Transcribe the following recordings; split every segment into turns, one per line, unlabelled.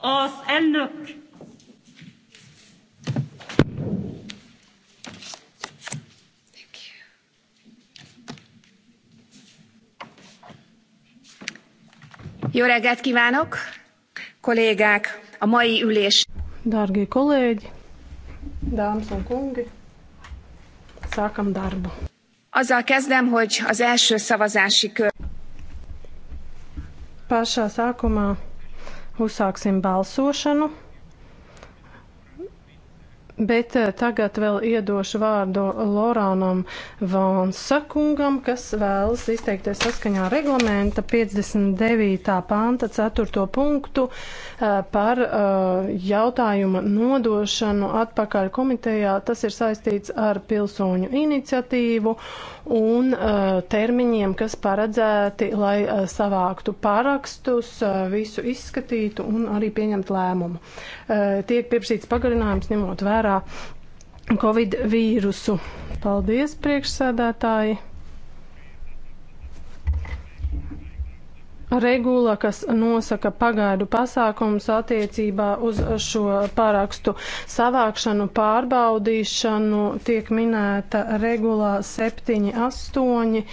Az elnök
Jó reggelt kívánok, kollégák!
A mai ülés. Dārgie kolēģi, dāmas un kungi, sākam darbu. Azzal kezdem, hogy az első szavazási kör. Pašā sākumā Uzsāksim balsošanu. Bet eh, tagad vēl iedošu vārdu Loranam Vānsakungam, kas vēlas izteikties saskaņā reglamenta 59. panta 4. punktu eh, par eh, jautājuma nodošanu atpakaļ komitejā. Tas ir saistīts ar pilsoņu iniciatīvu un uh, termiņiem, kas paredzēti, lai uh, savāktu pārakstus, uh, visu izskatītu un arī pieņemtu lēmumu. Uh, tiek pieprasīts pagarinājums, ņemot vērā Covid vīrusu. Paldies, priekšsēdētāji! regula, kas nosaka pagaidu pasākums attiecībā uz šo pārakstu savākšanu, pārbaudīšanu, tiek minēta regulā 7, 8.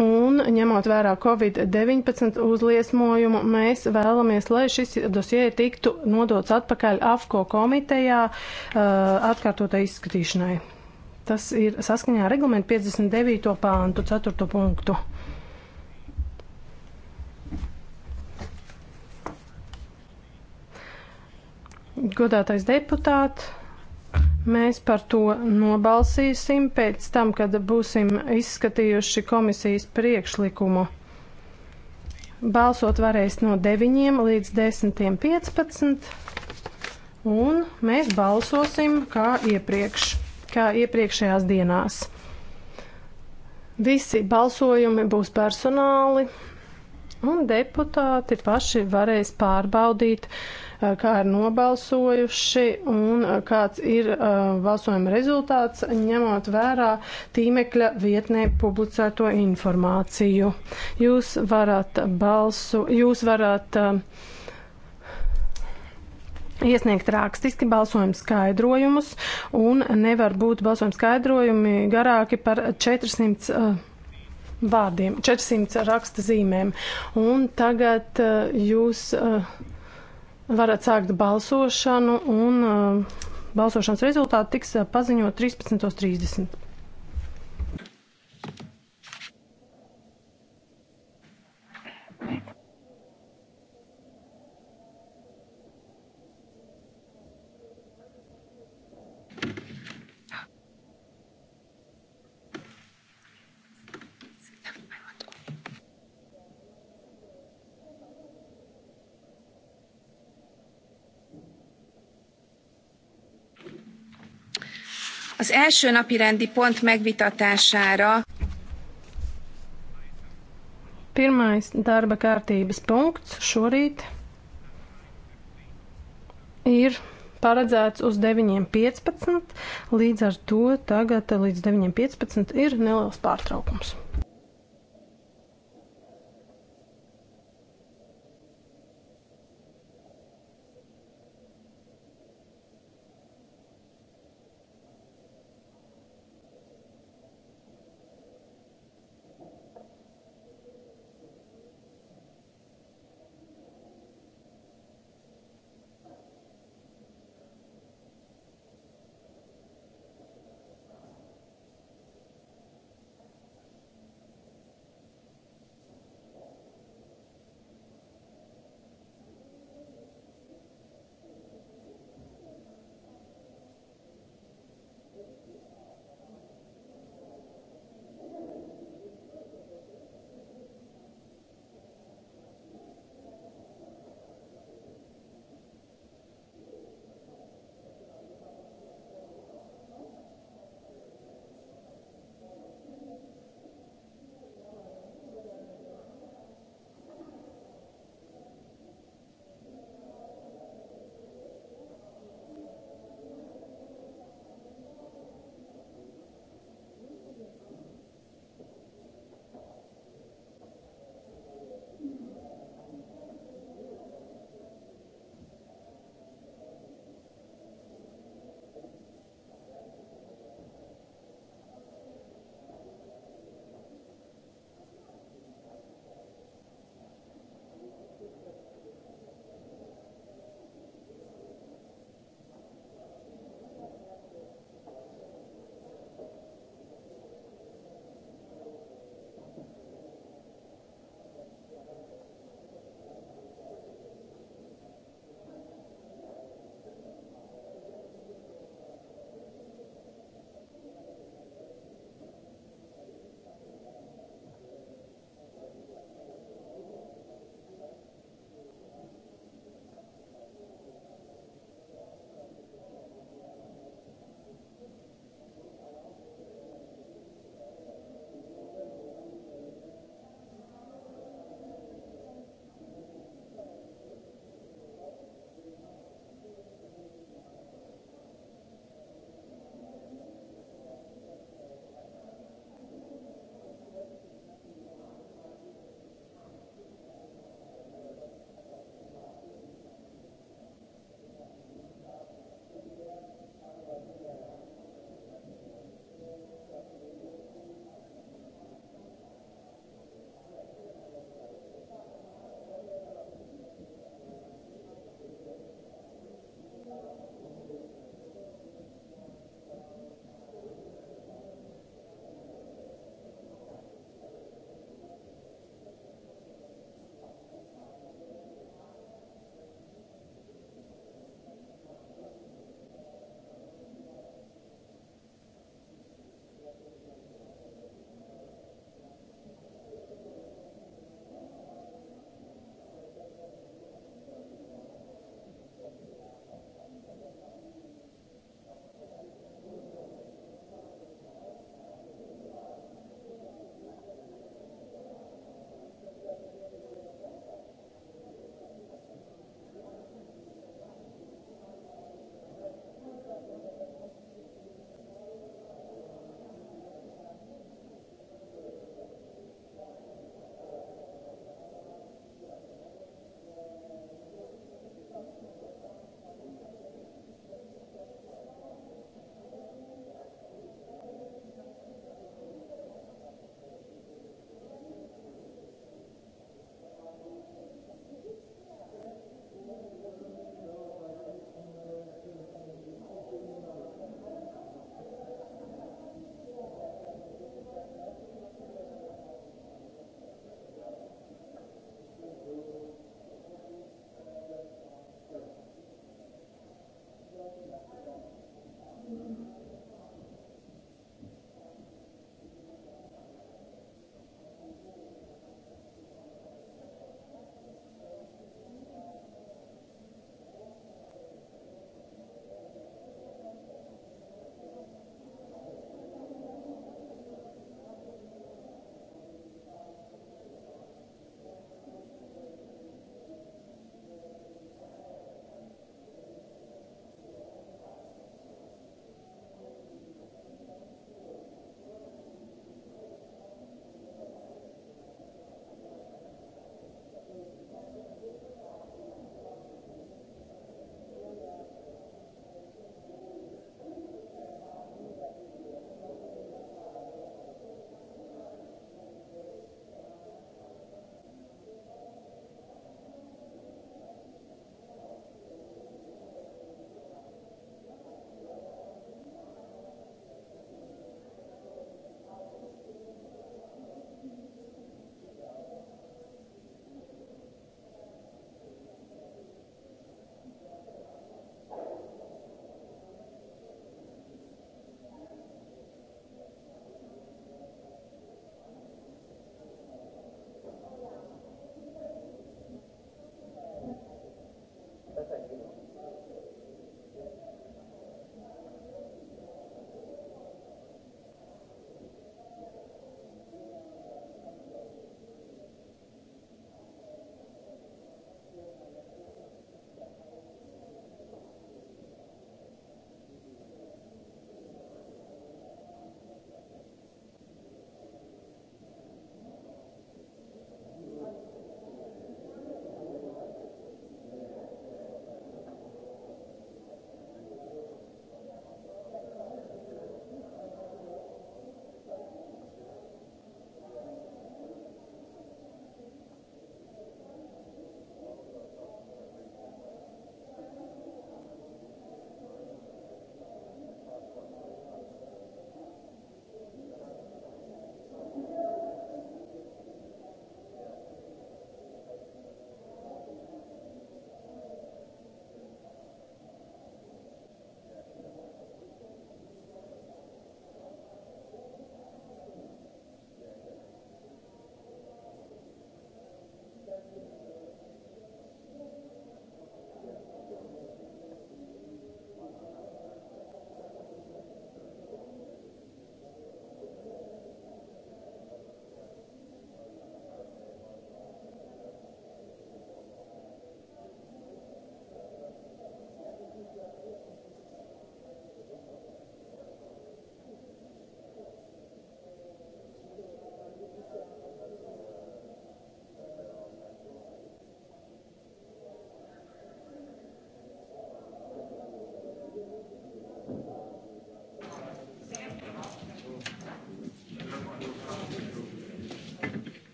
Un, ņemot vērā Covid-19 uzliesmojumu, mēs vēlamies, lai šis dosie tiktu nodots atpakaļ AFCO komitejā uh, atkārtotai izskatīšanai. Tas ir saskaņā ar reglamentu 59. pāntu 4. punktu. Godātais deputāts, mēs par to nobalsīsim pēc tam, kad būsim izskatījuši komisijas priekšlikumu. Balsot varēs no 9 līdz 10.15, un mēs balsosim kā iepriekš, kā iepriekšējās dienās. Visi balsojumi būs personāli, un deputāti paši varēs pārbaudīt, uh, Eh, kā ir nobalsojuši un eh, kāds ir eh, balsojuma rezultāts, ņemot vērā tīmekļa vietnē publicēto informāciju. Jūs varat balsu, jūs varat iesniegt rakstiski balsojumu skaidrojumus, un nevar būt balsojumu skaidrojumi garāki par 400 uh, vārdiem, 400 raksta zīmēm. Un tagad uh, jūs. Uh, varat sākt balsošanu, un uh, balsošanas rezultāti tiks eh, paziņot 13.30. Thank you. Az első napi rendi pont megvitatására. Pirmais darba kārtības punkts šorīt ir paredzēts uz 9.15, līdz ar to tagad līdz 9.15 ir neliels pārtraukums.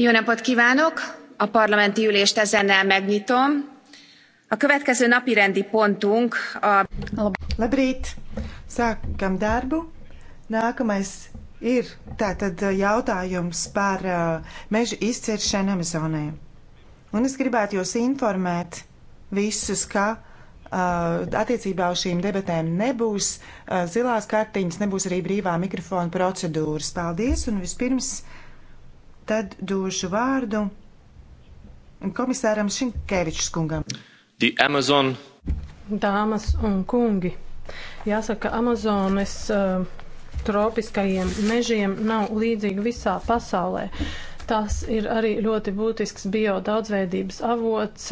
Jó napot kívánok! A parlamenti ülést ezennel megnyitom. A következő napirendi pontunk a... Labrīt! Sākam darbu. Nākamais ir tātad jautājums par uh, meža izciršanu Amazonē. Un es gribētu jūs informēt visus, ka uh, attiecībā uz šīm debatēm nebūs uh, zilās kartiņas, nebūs arī brīvā mikrofona procedūras. Paldies! Un vispirms tad došu vārdu komisāram Šinkevičs kungam.
The Amazon. Dāmas un kungi, jāsaka, Amazonas uh, eh, tropiskajiem mežiem nav līdzīga visā pasaulē. Uh, Tas ir arī ļoti būtisks biodaudzveidības avots,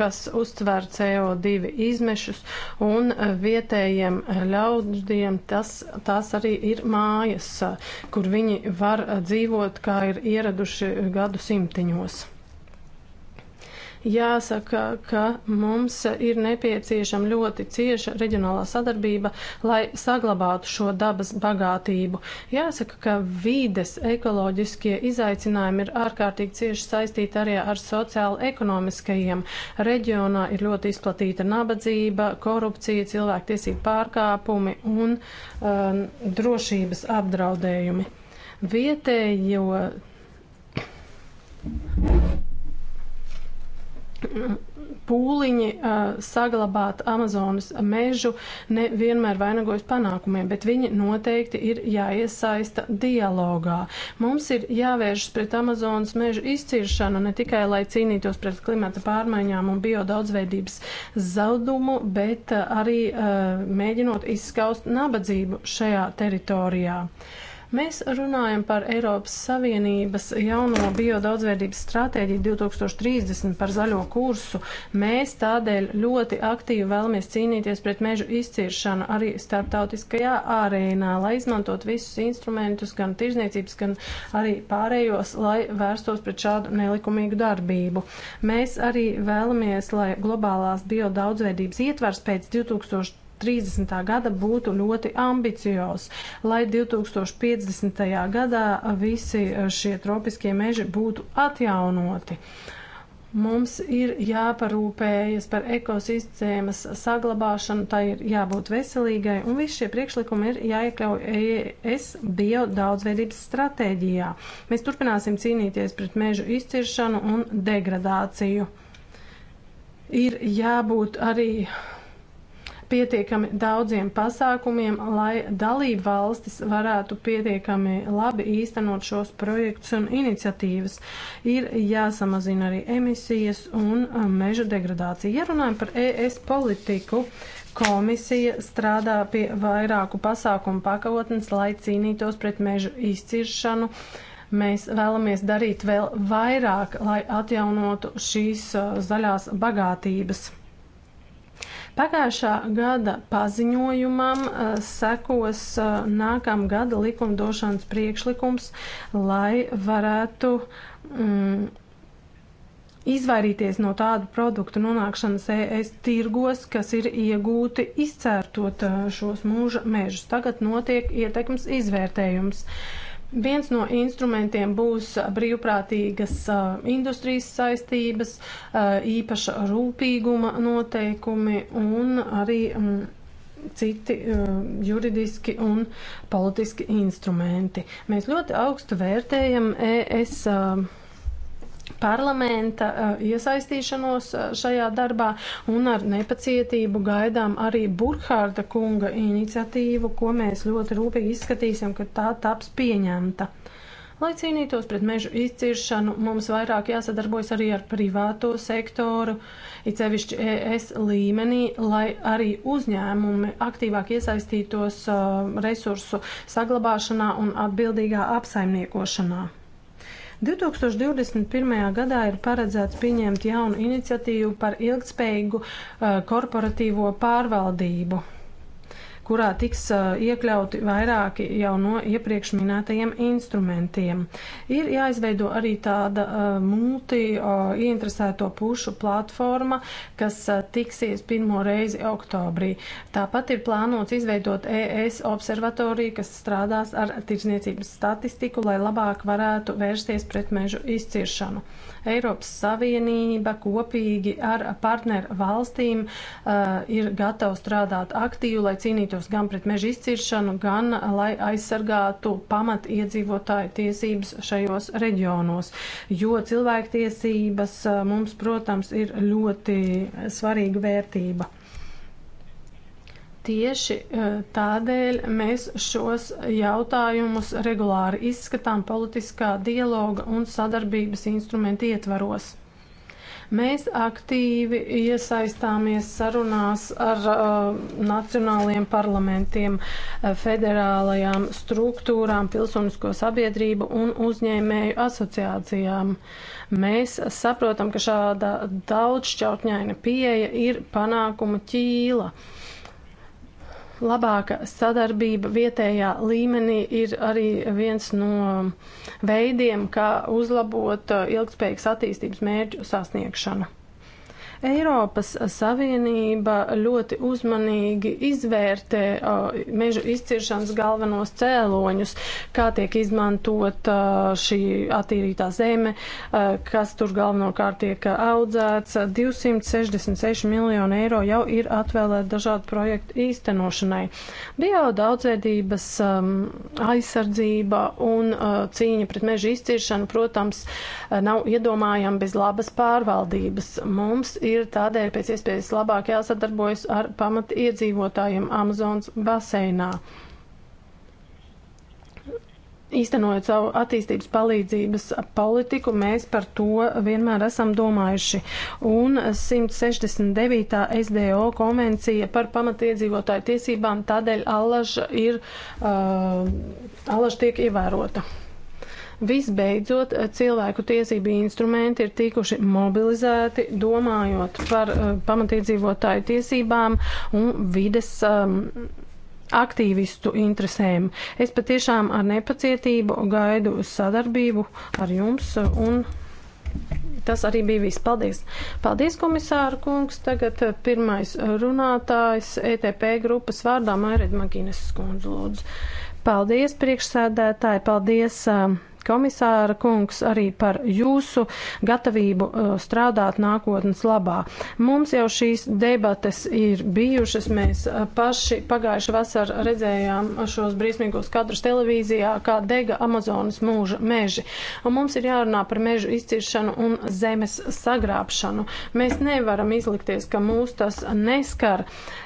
kas uztver CO2 izmešus, un vietējiem ļaudžiem tas, tās arī ir mājas, kur viņi var dzīvot, kā ir ieraduši gadu simtiņos. Jāsaka, ka mums ir nepieciešama ļoti cieša reģionālā sadarbība, lai saglabātu šo dabas bagātību. Jāsaka, ka vīdes ekoloģiskie izaicinājumi ir ārkārtīgi cieši saistīti arī ar sociāli-ekonomiskajiem. Reģionā ir ļoti izplatīta nabadzība, korupcija, cilvēktiesību pārkāpumi un um, drošības apdraudējumi vietējo pūliņi uh, saglabāt Amazonas mežu nevienmēr vainagojas panākumiem, bet viņi noteikti ir jāiesaista dialogā. Mums ir jāvēršas pret Amazonas mežu izciršanu ne tikai, lai cīnītos pret klimata pārmaiņām un biodaudzveidības zaudumu, bet uh, arī uh, mēģinot izskaust nabadzību šajā teritorijā. Uh, Mēs runājam par Eiropas Savienības jauno biodaudzveidības stratēģiju 2030 par zaļo kursu. Mēs tādēļ ļoti aktīvi vēlamies cīnīties pret mežu izciršanu arī starptautiskajā arēnā, lai izmantot visus instrumentus, gan tirzniecības, gan arī pārējos, lai vērstos pret šādu nelikumīgu darbību. Mēs arī vēlamies, lai globālās biodaudzveidības ietvars pēc 2030. 30. gada būtu ļoti ambiciozs, lai 2050. gadā visi e, šie tropiskie meži būtu atjaunoti. Mums ir jāparūpējas par ekosistēmas saglabāšanu, tai ir jābūt veselīgai, un visi šie priekšlikumi ir jāiekļauj ES biodaudzveidības stratēģijā. Mēs turpināsim cīnīties pret mežu izciršanu un degradāciju. Ir jābūt arī uh, pietiekami daudziem pasākumiem, lai dalību valstis varētu pietiekami labi īstenot šos projektus un iniciatīvas. Ir jāsamazina arī emisijas un meža degradācija. Ja runājam par ES politiku, Komisija strādā pie vairāku pasākumu pakotnes, lai cīnītos pret mežu izciršanu. Mēs vēlamies darīt vēl vairāk, lai atjaunotu šīs zaļās bagātības. Pagājušā gada paziņojumam eh, sekos eh, nākamā gada likumdošanas priekšlikums, lai varētu mm, izvairīties no tādu produktu nonākšanas ES tirgos, kas ir iegūti izcērtot eh, šos mūža mežus. Tagad notiek ietekmes izvērtējums. Uh, Viens no instrumentiem būs uh, brīvprātīgas uh, industrijas saistības, uh, īpaša rūpīguma noteikumi un arī mm, citi juridiski un politiski instrumenti. Mēs ļoti augstu vērtējam ES parlamenta eh, iesaistīšanos eh, šajā darbā un ar nepacietību gaidām arī Burkhārda kunga iniciatīvu, ko mēs ļoti rūpīgi izskatīsim, kad tā taps pieņemta. Lai cīnītos pret mežu izciršanu, mums vairāk jāsadarbojas arī ar privāto sektoru, it sevišķi ES līmenī, lai arī uzņēmumi aktīvāk iesaistītos eh, resursu saglabāšanā un atbildīgā apsaimniekošanā. 2021. gadā ir paredzēts pieņemt jaunu iniciatīvu par ilgtspējīgu uh, korporatīvo pārvaldību kurā tiks iekļauti vairāki jau no iepriekš minētajiem instrumentiem. Ir jāizveido arī tāda multi ieinteresēto pušu platforma, kas tiksies pirmo reizi oktobrī. Tāpat ir plānots izveidot ES observatoriju, kas strādās ar tirsniecības statistiku, lai labāk varētu vērsties pret mežu izciršanu. Eiropas Savienība kopīgi ar partneru valstīm uh, ir gatava strādāt aktīvi, lai cīnītu cīnītos gan pret meža izciršanu, gan lai aizsargātu pamat iedzīvotāju tiesības šajos reģionos. Jo cilvēktiesības eh, mums, protams, ir ļoti svarīga vērtība. Tieši eh, tādēļ mēs šos jautājumus regulāri izskatām politiskā dialoga un sadarbības instrumentu ietvaros. Mēs aktīvi iesaistāmies sarunās ar uh, nacionāliem parlamentiem, uh, federālajām struktūrām, pilsonisko sabiedrību un uzņēmēju asociācijām. Mēs saprotam, ka šāda daudzšķautņaina pieeja ir panākuma ķīla. Uh, labāka sadarbība vietējā līmenī ir arī viens no veidiem, kā uzlabot uh, ilgspējīgas attīstības mērķu sasniegšanu. Eiropas Savienība ļoti uzmanīgi izvērtē uh, meža izciršanas galvenos cēloņus, kā tiek izmantot uh, šī attīrītā zeme, uh, kas tur galvenokārt tiek audzēts. 266 miljonu eiro jau ir atvēlēt dažādu projektu īstenošanai. Biodaudzēdības um, aizsardzība un uh, cīņa pret meža izciršanu, protams, nav iedomājama bez labas pārvaldības. Mums ir ir tādēļ pēc iespējas labāk jāsadarbojas ar pamat iedzīvotājiem Amazonas baseinā. Īstenojot savu attīstības palīdzības politiku, mēs par to vienmēr esam domājuši. Un 169. SDO konvencija par pamatiedzīvotāju tiesībām tādēļ allaž ir, uh, allaž tiek ievērota. Visbeidzot, cilvēku tiesību instrumenti ir tikuši mobilizēti, domājot par uh, eh, pamatīdzīvotāju tiesībām un vides. Um, aktīvistu interesēm. Es patiešām ar nepacietību gaidu sadarbību ar jums eh, un tas arī bija viss. Paldies! Paldies, komisāra kungs! Tagad eh, pirmais runātājs ETP grupas vārdā Mairēd Magīnes skundz lūdzu. Paldies, priekšsēdētāji! Paldies! Uh, komisāra kungs, arī par jūsu gatavību uh, strādāt nākotnes labā. Mums jau šīs debates ir bijušas. Mēs uh, paši pagājuši vasar redzējām šos brīsmīgos kadrus televīzijā, kā dega Amazonas mūža meži. Un mums ir jārunā par mežu izciršanu un zemes sagrābšanu. Mēs nevaram izlikties, ka mūs tas neskar.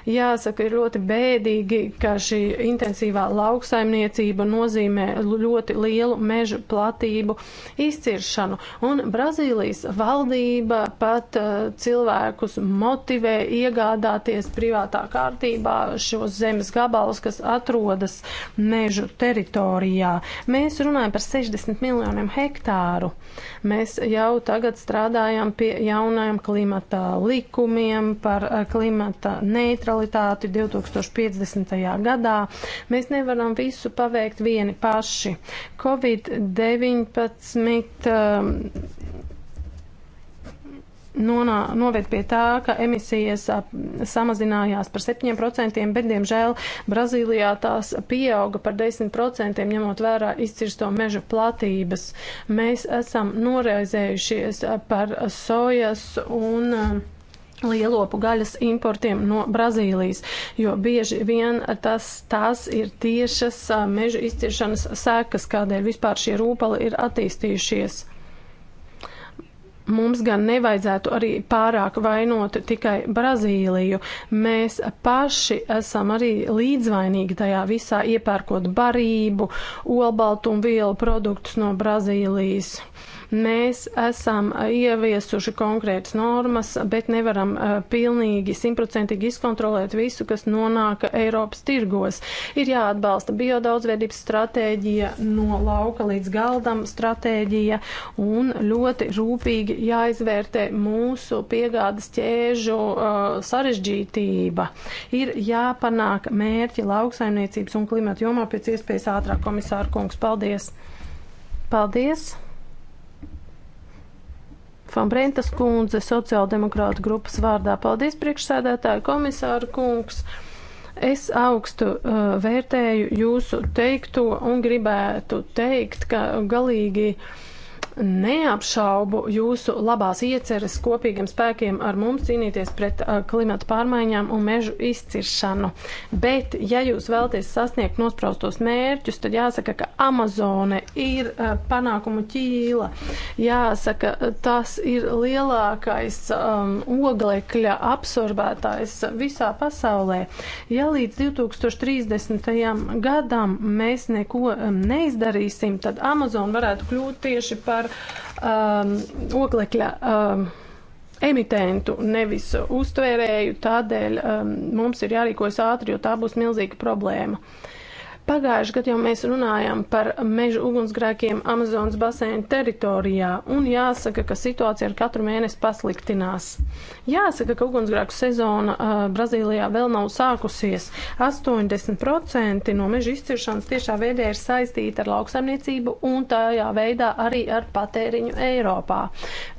Jāsaka, ir ļoti bēdīgi, ka šī intensīvā lauksaimniecība nozīmē ļoti lielu mežu platību izciršanu. Un Brazīlijas valdība pat uh, cilvēkus motivē iegādāties privātā kārtībā šos zemes gabalus, kas atrodas mežu teritorijā. Mēs runājam par 60 miljoniem hektāru. Mēs jau tagad strādājam pie jaunajiem klimata likumiem par eh, klimata neutralitāti 2050. gadā. Mēs nevaram visu paveikt vieni paši. Covid 19 um, nonā, noved pie tā, ka emisijas samazinājās par 7%, bet, diemžēl, Brazīlijā tās pieauga par 10%, ņemot vērā izcirsto meža platības. Mēs esam noraizējušies par sojas un. Uh, lielopu gaļas importiem no Brazīlijas, jo bieži vien tas, tās ir tiešas meža izciršanas sekas, kādēļ vispār šie rūpali ir attīstījušies. Mums gan nevajadzētu arī pārāk vainot tikai Brazīliju. Mēs paši esam arī līdzvainīgi tajā visā iepērkot barību, olbaltumvielu produktus no Brazīlijas. Uh, Mēs esam ieviesuši konkrētas normas, bet nevaram pilnīgi, simtprocentīgi izkontrolēt visu, kas nonāk Eiropas tirgos. Ir jāatbalsta biodaudzveidības stratēģija no lauka līdz galdam stratēģija un ļoti rūpīgi jāizvērtē mūsu piegādas ķēžu sarežģītība. Ir jāpanāk mērķi lauksaimniecības un klimata jomā pēc iespējas ātrāk, komisāra kungs. Paldies! Paldies! Fambrentas kundze, sociāldemokrāta grupas vārdā. Paldies, priekšsēdētāji, komisāra kungs. Es augstu uh, vērtēju jūsu teikto un gribētu teikt, ka galīgi uh, neapšaubu jūsu labās ieceres kopīgiem spēkiem ar mums cīnīties pret uh, klimatu pārmaiņām un mežu izciršanu. Bet, ja jūs vēlaties sasniegt nospraustos mērķus, tad jāsaka, ka Amazone ir uh, panākumu ķīla. Jāsaka, uh, tas ir lielākais um, oglekļa absorbētājs visā pasaulē. Ja līdz 2030. gadam mēs neko um, neizdarīsim, tad Amazon varētu kļūt tieši par par um, oglekļa. Um, emitentu, nevis uztvērēju, tādēļ um, mums ir jārīkojas ātri, jo tā būs milzīga problēma. Uh, Pagājuši gadu jau mēs runājām par mežu ugunsgrēkiem Amazonas basēna teritorijā, un jāsaka, ka situācija ar katru mēnesi pasliktinās. Jāsaka, ka ugunsgrēku sezona uh, Brazīlijā vēl nav sākusies. 80% no meža izciršanas tiešā veidā ir saistīta ar lauksaimniecību un tajā veidā arī ar patēriņu Eiropā.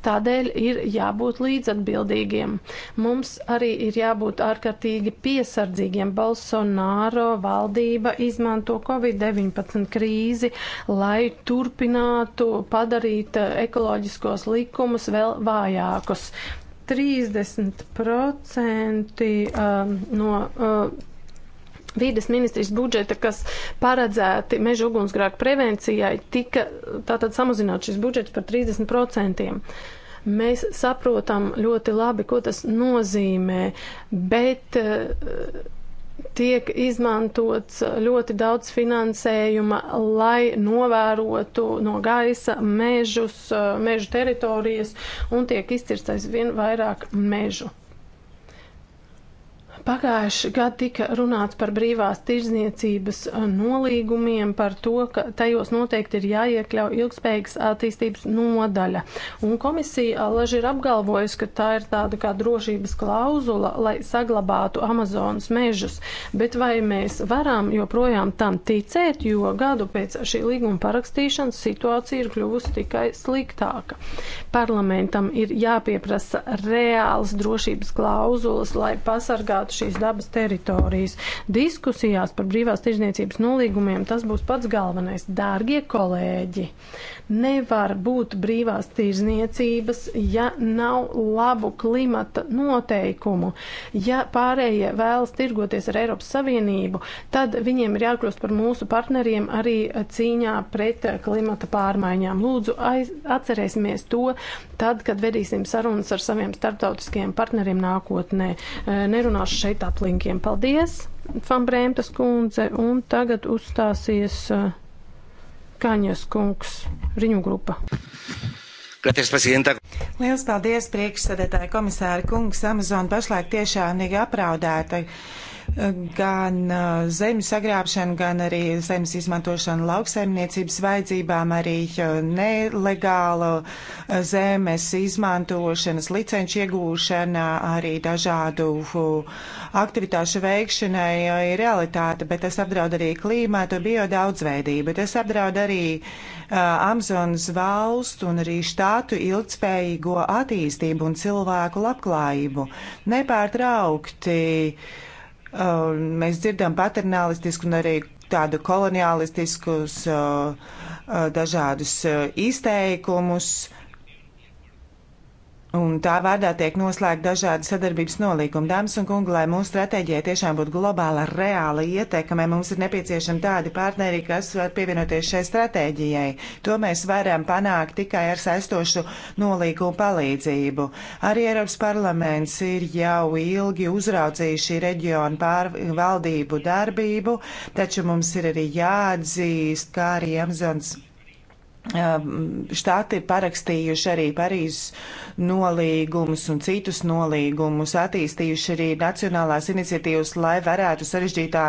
Tādēļ ir jābūt līdzatbildīgiem. Mums arī ir jābūt ārkārtīgi piesardzīgiem. Bolsonaro valdība izmanto izmanto Covid-19 krīzi, lai turpinātu padarīt eh, ekoloģiskos likumus vēl vājākus. 30% eh, no eh, Vīdes ministrijas budžeta, kas paredzēti meža ugunsgrēku prevencijai, tika tātad samazināts šis budžets par 30% mēs saprotam ļoti labi, ko tas nozīmē, bet tiek izmantots ļoti daudz finansējuma, lai novērotu no gaisa mežus, mežu teritorijas un tiek izcirsts aizvien vairāk mežu. Pagājuši gadu tika runāts par brīvās tirzniecības eh, nolīgumiem, par to, ka tajos noteikti ir jāiekļauj ilgspējīgas attīstības nodaļa. Un komisija alaži eh, ir apgalvojusi, ka tā ir tāda kā drošības klauzula, lai saglabātu Amazonas mežus. Bet vai mēs varam joprojām tam ticēt, jo gadu pēc šī līguma parakstīšanas situācija ir kļuvusi tikai sliktāka. Parlamentam ir jāpieprasa reāls drošības klauzulas, lai pasargātu šīs dabas teritorijas. Diskusijās par brīvās tirzniecības nolīgumiem tas būs pats galvenais. Dārgie kolēģi, nevar būt brīvās tirzniecības, ja nav labu klimata noteikumu. Ja pārējie vēlas tirgoties ar Eiropas Savienību, tad viņiem ir jākļūst par mūsu partneriem arī cīņā pret klimata pārmaiņām. Lūdzu, aiz, atcerēsimies to tad, kad vedīsim sarunas ar saviem starptautiskiem partneriem nākotnē. Nerunāšu šeit šeit aplinkiem. Paldies, Fambrēmtas kundze, un tagad uzstāsies eh, Kaņas kungs, riņu grupa.
Gracias, Presidenta.
Lielas paldies, priekšsēdētāja komisāra kungs. Amazon pašlaik tiešām ir apraudēta gan eh, zemes sagrābšanu, gan arī zemes izmantošanu lauksaimniecības vajadzībām, arī eh, nelegālu eh, zemes izmantošanas licenču iegūšana, arī dažādu aktivitāšu veikšanai ir realitāte, bet tas apdraud arī klīmētu biodaudzveidību. Tas apdraud arī uh, Amazonas valstu un arī štātu ilgspējīgo attīstību un cilvēku labklājību. Nepārtraukti. Uh, Uh, mēs dzirdam paternālistisku un arī tādu koloniālistiskus uh, uh, dažādus izteikumus. Un tā vārdā tiek noslēgta dažādi sadarbības nolīgumi. Dāmas un kungi, lai mūsu stratēģijai tiešām būtu globāla, reāla ietekme, mums ir nepieciešami tādi partneri, kas var pievienoties šai stratēģijai. To mēs varam panākt tikai ar saistošu nolīgumu palīdzību. Arī Eiropas parlaments ir jau ilgi uzraudzījis šī reģiona pārvaldību darbību, taču mums ir arī jāatzīst, kā arī Amazonas Ehm, štāti ir parakstījuši arī Parīzes nolīgumus un citus nolīgumus, attīstījuši arī nacionālās iniciatīvas, lai varētu sarežģītā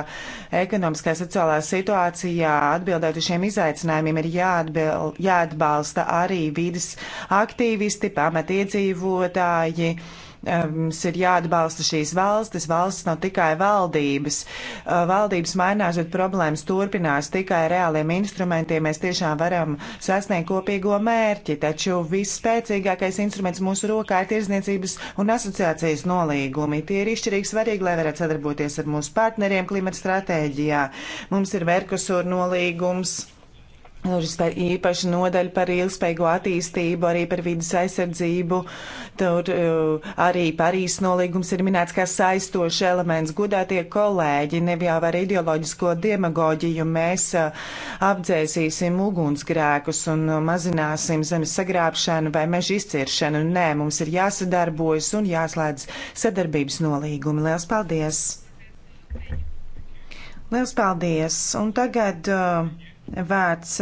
ekonomiskā sociālā situācijā atbildēt uz šiem izaicinājumiem. Ir jāatbil, jāatbalsta arī vidas aktīvisti, pamatiedzīvotāji. Uh, Mums ir jāatbalsta šīs valstis. Valsts nav tikai valdības. Valdības mainās, bet problēmas turpinās tikai reāliem instrumentiem. Mēs tiešām varam sasniegt kopīgo mērķi, taču visspēcīgākais instruments mūsu rokā ir tirzniecības un asociācijas nolīgumi. Tie ir izšķirīgi svarīgi, lai varētu sadarboties ar mūsu partneriem klimata stratēģijā. Mums ir Merkusur nolīgums. Tur ir īpaša nodaļa par ilgspējīgu attīstību, arī par vidas aizsardzību. Tur uh, arī Parīzes nolīgums ir minēts kā saistošs elements. Gudātie kolēģi, nevjau ar ideoloģisko demagoģiju, mēs uh, apdzēsīsim ugunsgrēkus un uh, mazināsim zemes sagrābšanu vai meža izciršanu. Nē, mums ir jāsadarbojas un jāslēdz sadarbības nolīgumi. Lielas paldies! Lielas paldies! Un tagad. Uh, Vārds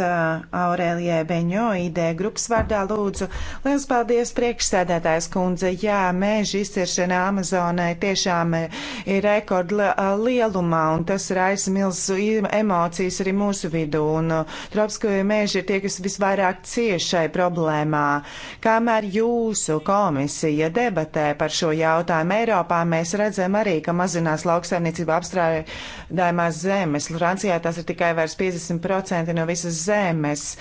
Aurēlijai Beņo, ID grupas vārdā lūdzu. Lielas paldies priekšsēdētājs kundze. Jā, mēža izciršana Amazonai tiešām ir rekord lielumā un tas raisa milzu emocijas arī mūsu vidū. Un tropiskoja mēža ir tie, kas visvairāk ciešai problēmā. Kamēr jūsu komisija debatē par šo jautājumu Eiropā, mēs redzam arī, ka mazinās lauksaimniecība apstrādājumās zemes. Francijā tas ir tikai vairs 50%. 10% no visas zemes.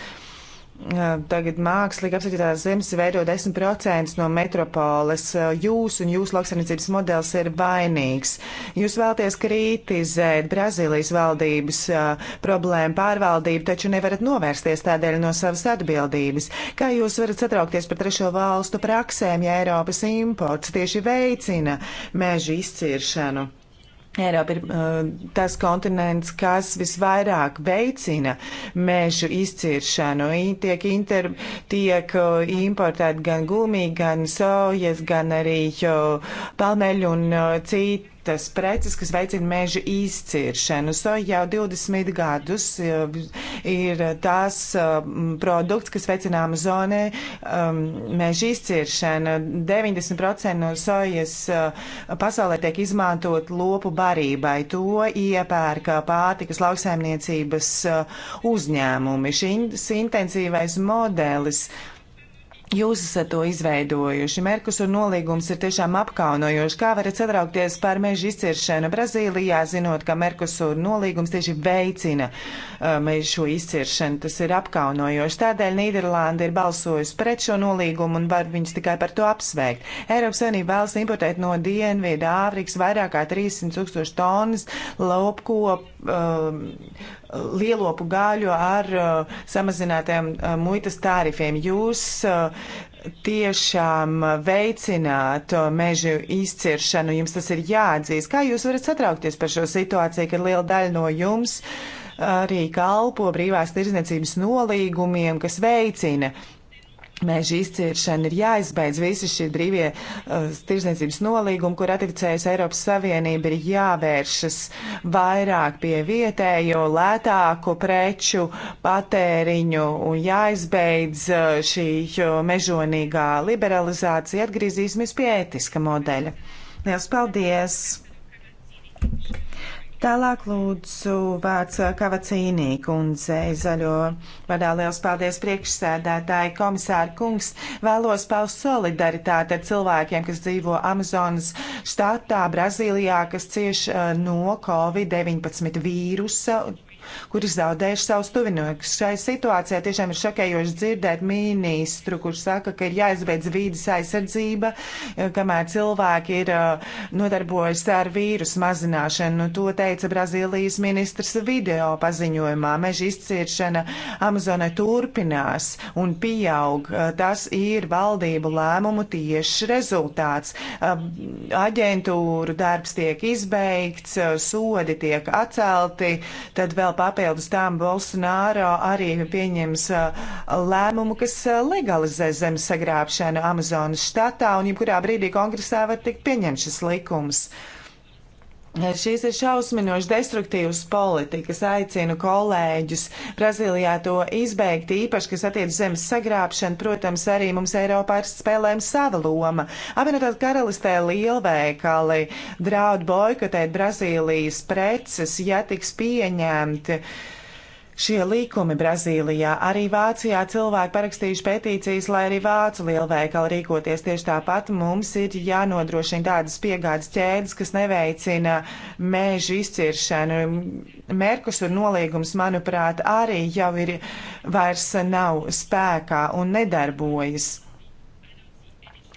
Tagad mākslīgi apskatītās zemes veido 10% no metropoles. Jūs un jūsu lauksaimniecības modelis ir vainīgs. Jūs vēlties kritizēt Brazīlijas valdības problēmu pārvaldību, taču nevarat novērsties tādēļ no savas atbildības. Kā jūs varat satraukties par trešo valstu praksēm, ja Eiropas imports tieši veicina mežu izciršanu? Eiropa ir uh, tas kontinents, kas visvairāk veicina mežu izciršanu. I, tiek inter, tiek uh, importēt gan gumija, gan sojas, gan arī uh, palmeļu un uh, citu noteiktas preces, kas veicina meža izciršanu. Soja jau 20 gadus e, ir tās e, produkts, kas veicina Amazonē um, meža izciršanu. 90% no sojas pasaulē tiek izmantot lopu barībai. To iepērka pārtikas lauksaimniecības uzņēmumi. Šis intensīvais modelis. Uh, Jūs esat to izveidojuši. Merkusur nolīgums ir tiešām apkaunojoši. Kā varat satraukties par meža izciršanu Brazīlijā, zinot, ka Merkusur nolīgums tieši veicina um, uh, šo izciršanu? Tas ir apkaunojoši. Tādēļ Nīderlanda ir balsojusi pret šo nolīgumu un var viņus tikai par to apsveikt. Eiropas Savienība vēlas importēt no Dienvieda Āfrikas vairāk kā 300 tūkstoši tonnas lopkopu. Um, uh, lielopu gaļu ar uh, samazinātiem uh, muitas tārifiem. Jūs uh, tiešām veicināt uh, mežu izciršanu, jums tas ir jāatzīst. Kā jūs varat satraukties par šo situāciju, kad liela daļa no jums arī kalpo brīvās tirzniecības nolīgumiem, kas veicina Mēža izciršana ir jāizbeidz. Visi šie brīvie uh, tirzniecības nolīgumi, kur ratificējas Eiropas Savienība, ir jāvēršas vairāk pie vietējo, lētāku preču patēriņu un jāizbeidz uh, šī uh, mežonīgā liberalizācija. Atgriezīsimies pie ētiska modeļa. Liels paldies! Tālāk lūdzu vārds uh, Kavacīnī kundzei zaļo vadā. Liels paldies priekšsēdētāji komisāri kungs. Vēlos paust solidaritāti ar cilvēkiem, kas dzīvo Amazonas štatā, Brazīlijā, kas cieš uh, no Covid-19 vīrusa kuri zaudējuši savus tuvinieks. Šai situācijā tiešām ir šokējoši dzirdēt ministru, kurš saka, ka ir jāizbeidz vīdes aizsardzība, eh, kamēr cilvēki ir eh, nodarbojas ar vīrusu mazināšanu. Nu, to teica Brazīlijas ministrs video paziņojumā. Meža izciršana Amazonai turpinās un pieaug. Eh, tas ir valdību lēmumu tieši rezultāts. Aģentūru darbs tiek izbeigts, sodi tiek atcelti, tad vēl papildus tām Bolsonaro arī pieņems uh, lēmumu, kas uh, legalizē zemes sagrābšanu Amazonas štatā, un jebkurā brīdī kongresā var tikt pieņemts šis likums. Uh, Šīs ir šausminoši destruktīvas politikas. Aicinu kolēģus Brazīlijā to izbeigt, īpaši, kas attiec zemes sagrābšanu. Protams, arī mums Eiropā ir spēlējama sava loma. Apvienotās karalistē lielveikali draud boikotēt Brazīlijas preces, ja tiks pieņemti. Uh, šie likumi Brazīlijā. Arī Vācijā cilvēki parakstījuši petīcijas, lai arī vācu lielveikali rīkoties tieši tāpat. Mums ir jānodrošina tādas piegādes ķēdes, kas neveicina mēžu izciršanu. Merkusur nolīgums, manuprāt, arī jau ir vairs nav spēkā un nedarbojas.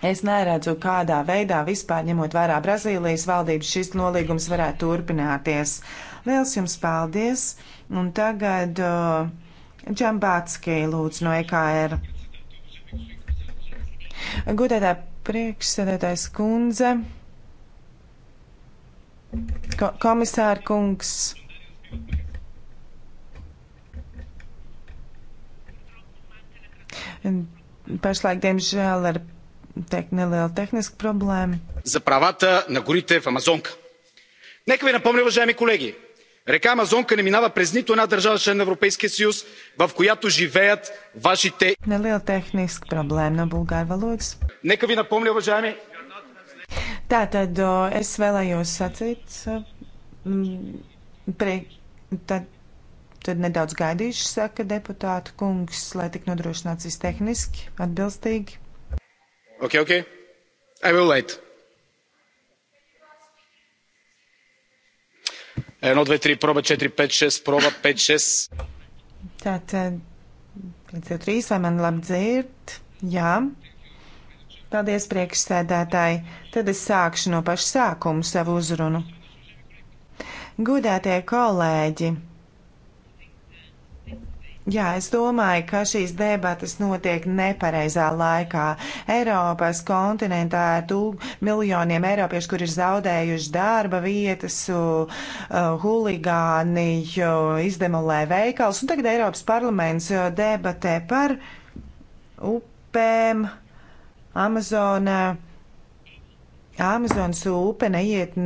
Es neredzu, kādā veidā vispār ņemot vērā Brazīlijas valdības šis nolīgums varētu turpināties. Liels jums paldies! Un tagad uh, Džambātskī lūdzu no EKR. Gudētā priekšsēdētājs kundze, ko komisāra kungs. Pašlaik, diemžēl, ar тек, нелела техническа проблема.
За правата на горите в Амазонка. Нека ви напомня, уважаеми колеги, река Амазонка не минава през нито една държава член на Европейския съюз, в която живеят вашите...
Нелела техническа проблема на Bulgāru valodas.
Нека ви напомня, уважаеми...
Tātad es vēlējos sacīt, pre, tad, tad nedaudz gaidīšu, saka deputāta kungs, lai tik nodrošināts viss tehniski, atbilstīgi.
Okay, okay. I will wait. Едно, две, три, проба, четири, пет, шест, проba, пет,
šest. Tātad, līdz ar trīs, vai man labi dzird? Jā. Paldies, priekšsēdētāji. Tad es sākšu no paša sākuma savu uzrunu. Gudētie kolēģi! Jā, es domāju, ka šīs debatas notiek nepareizā laikā. Eiropas kontinentā ir tūk miljoniem eiropiešu, kur ir zaudējuši darba vietas, uh, huligāni uh, izdemolē veikals, un tagad Eiropas parlaments uh, debatē par upēm Amazonā. Amazonas upe neiet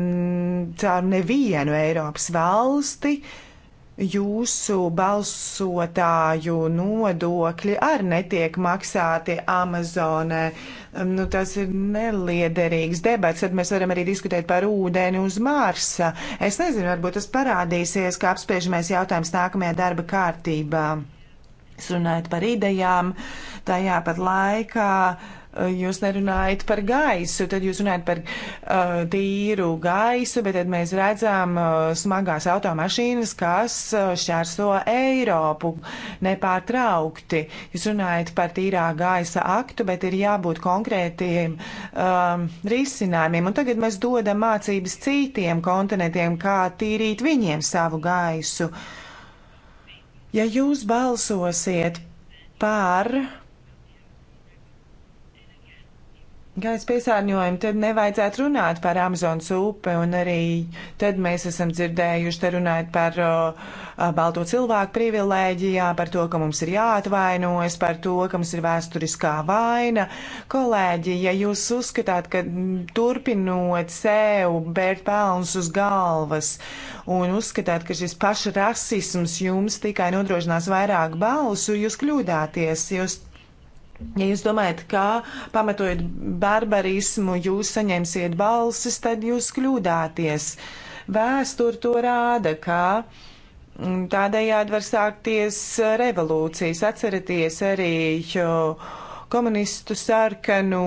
caur nevienu Eiropas valsti. Uh, jūsu balsotāju nodokļi arī netiek maksāti Amazonē. Um, nu, tas ir neliederīgs debats, tad mēs varam arī diskutēt par ūdeni uz Marsa. Es nezinu, varbūt tas parādīsies, kā apspriežamais jautājums nākamajā darba kārtībā. Es runāju par idejām, tajā pat laikā. Uh, jūs nerunājat par gaisu, tad jūs runājat par uh, tīru gaisu, bet tad mēs redzam uh, smagās automašīnas, kas uh, šķērso Eiropu nepārtraukti. Jūs runājat par tīrā gaisa aktu, bet ir jābūt konkrētiem um, risinājumiem. Un tagad mēs dodam mācības citiem kontinentiem, kā tīrīt viņiem savu gaisu. Ja jūs balsosiet par gaisa piesārņojumu, tad nevajadzētu runāt par Amazonas upi, un arī tad mēs esam dzirdējuši te runāt par o, uh, balto cilvēku privilēģijā, par to, ka mums ir jāatvainojas, par to, ka mums ir vēsturiskā vaina. Kolēģi, ja jūs uzskatāt, ka mm, turpinot sev bērt pelnus uz galvas un uzskatāt, ka šis paša rasisms jums tikai nodrošinās vairāk balsu, jūs kļūdāties, jūs Ja jūs domājat, ka pamatojot barbarismu jūs saņemsiet balsis, tad jūs kļūdāties. Vēsture to rāda, ka mm, tādējādi var sākties revolūcijas. Atceraties arī komunistu sarkano